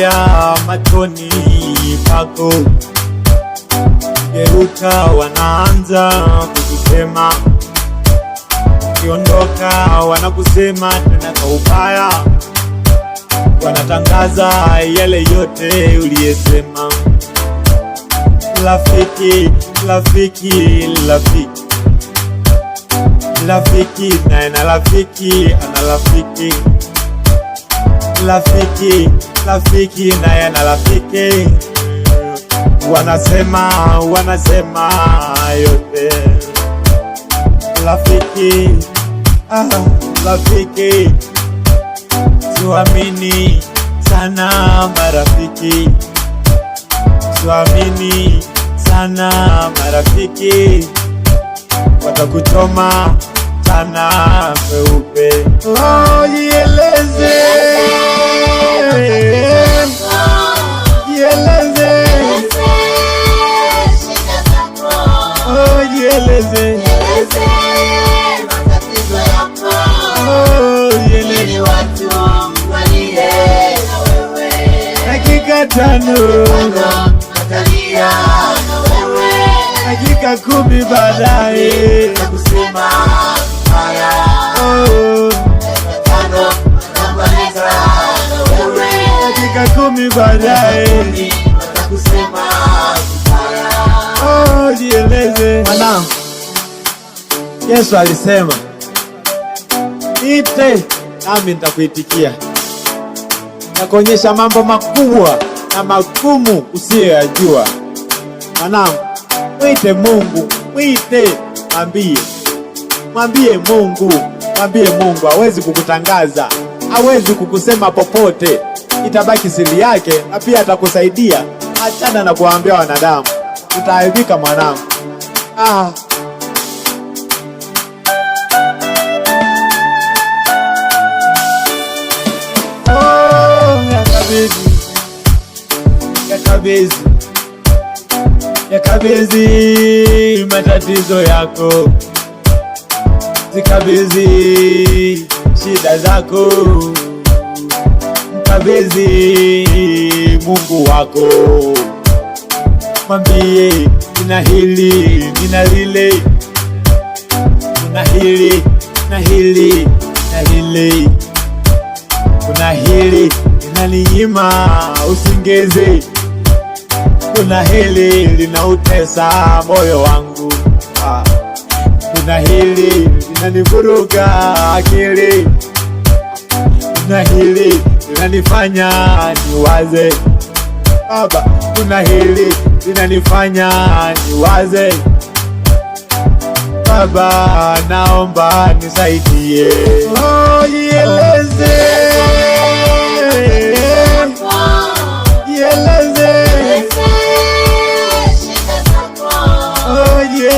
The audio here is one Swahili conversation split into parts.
ya machoni pako, geuka, wanaanza kukusema, ukiondoka wanakusema tena kwa ubaya, wanatangaza yale yote uliyesema. Rafiki, rafiki, rafiki, rafiki naye na rafiki ana rafiki, rafiki wanafiki naye na rafiki wanasema wanasema yote rafiki ah, rafiki tuamini sana marafiki tuamini sana marafiki watakuchoma sana peupe oh, yeah. tano natalia na wewe dakika kumi baadaye nakusema haya oh. oh, jieleze mwanangu Yesu alisema ite nami nitakuitikia, nakuonyesha mambo makubwa na magumu usiyoyajua. Mwanangu, mwite Mungu, mwite, mwambie, mwambie Mungu, mwambie Mungu. Hawezi kukutangaza, hawezi kukusema popote, itabaki siri yake, na pia atakusaidia. Achana na kuwaambia wanadamu, utaaibika mwanangu. Ah. Oh, ya kabezi matatizo yako, zikabezi shida zako, mkabezi Mungu wako, mwambie nina hili nina lile, nina hili na hili na lile, kuna hili inaninyima usingeze kuna hili linautesa moyo wangu, ah, kuna hili linanivuruga akili, kuna hili linanifanya niwaze Baba, kuna hili linanifanya niwaze Baba, naomba nisaidie, oh, ieleze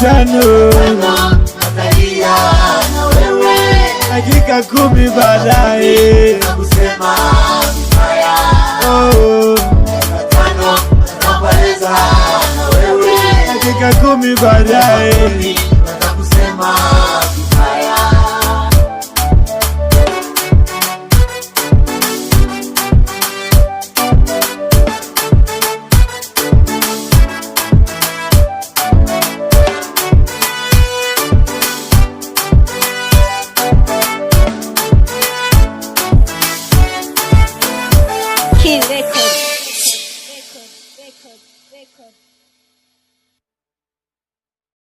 matano hakika kumi baadaye